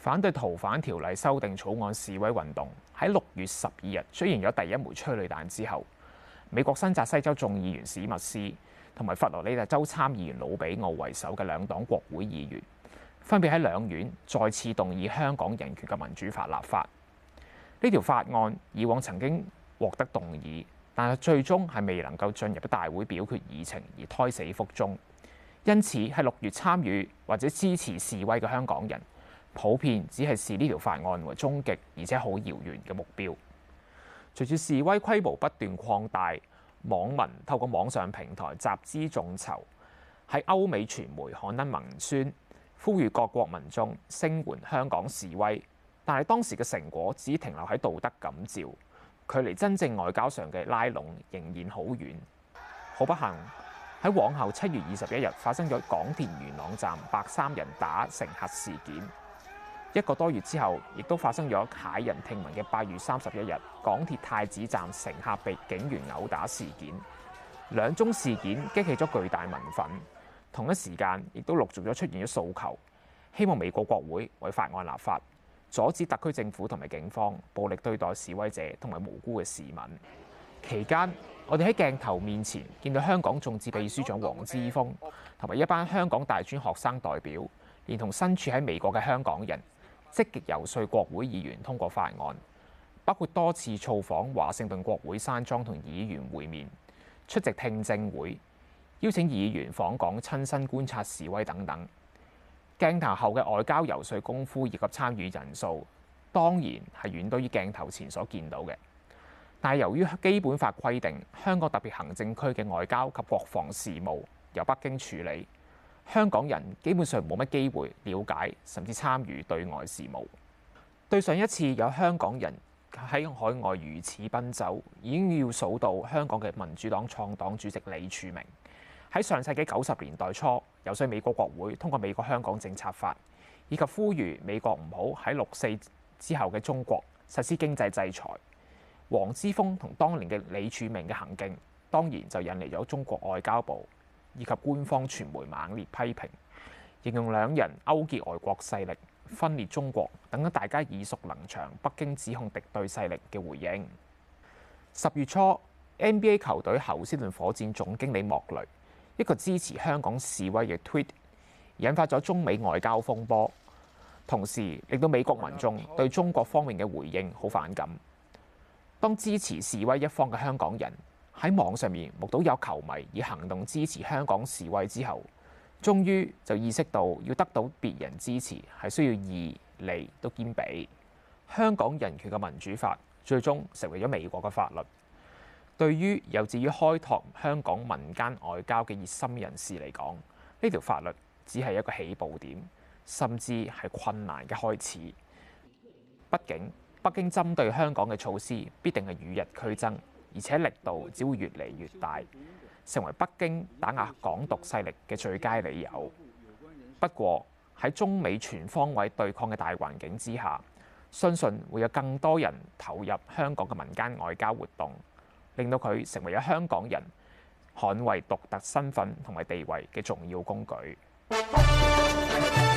反對逃犯條例修訂草案示威運動喺六月十二日出現咗第一枚催淚彈之後，美國新澤西州眾議員史密斯同埋佛羅里達州參議員魯比奧為首嘅兩黨國會議員，分別喺兩院再次動議香港人權及民主法立法。呢條法案以往曾經獲得動議，但係最終係未能夠進入大會表決議程而胎死腹中。因此係六月參與或者支持示威嘅香港人。普遍只係視呢條法案為終極，而且好遙遠嘅目標。隨住示威規模不斷擴大，網民透過網上平台集資眾籌，喺歐美傳媒刊登文宣，呼籲各國民眾聲援香港示威。但係當時嘅成果只停留喺道德感召，距離真正外交上嘅拉攏仍然好遠。好不幸喺往後七月二十一日發生咗港鐵元朗站白衣人打乘客事件。一個多月之後，亦都發生咗駭人聽聞嘅八月三十一日港鐵太子站乘客被警員毆打事件。兩宗事件激起咗巨大民憤，同一時間亦都陸續咗出現咗訴求，希望美國國會為法案立法，阻止特區政府同埋警方暴力對待示威者同埋無辜嘅市民。期間，我哋喺鏡頭面前見到香港眾志秘書長黃之鋒同埋一班香港大專學生代表，連同身處喺美國嘅香港人。積極遊說國會議員通過法案，包括多次造訪華盛頓國會山莊同議員會面、出席聽證會、邀請議員訪港親身觀察示威等等。鏡頭後嘅外交遊說功夫以及參與人數，當然係遠多於鏡頭前所見到嘅。但係由於基本法規定，香港特別行政區嘅外交及國防事務由北京處理。香港人基本上冇乜機會了解甚至參與對外事務。對上一次有香港人喺海外如此奔走，已經要數到香港嘅民主黨創黨主席李柱銘。喺上世紀九十年代初，游說美國國會通過美國香港政策法，以及呼籲美國唔好喺六四之後嘅中國實施經濟制裁。黃之鋒同當年嘅李柱銘嘅行徑，當然就引嚟咗中國外交部。以及官方傳媒猛烈批評，形容兩人勾結外國勢力、分裂中國，等等大家耳熟能詳，北京指控敵對勢力嘅回應。十月初，NBA 球隊侯斯頓火箭總經理莫雷一個支持香港示威嘅推特，引發咗中美外交風波，同時令到美國民眾對中國方面嘅回應好反感。當支持示威一方嘅香港人，喺網上面目睹有球迷以行動支持香港示威之後，終於就意識到要得到別人支持係需要義利都兼備。香港人權及民主法最終成為咗美國嘅法律。對於有志於開拓香港民間外交嘅熱心人士嚟講，呢條法律只係一個起步點，甚至係困難嘅開始。畢竟北京針對香港嘅措施必定係與日俱增。而且力度只會越嚟越大，成為北京打壓港獨勢力嘅最佳理由。不過喺中美全方位對抗嘅大環境之下，相信會有更多人投入香港嘅民間外交活動，令到佢成為咗香港人捍衛獨特身份同埋地位嘅重要工具。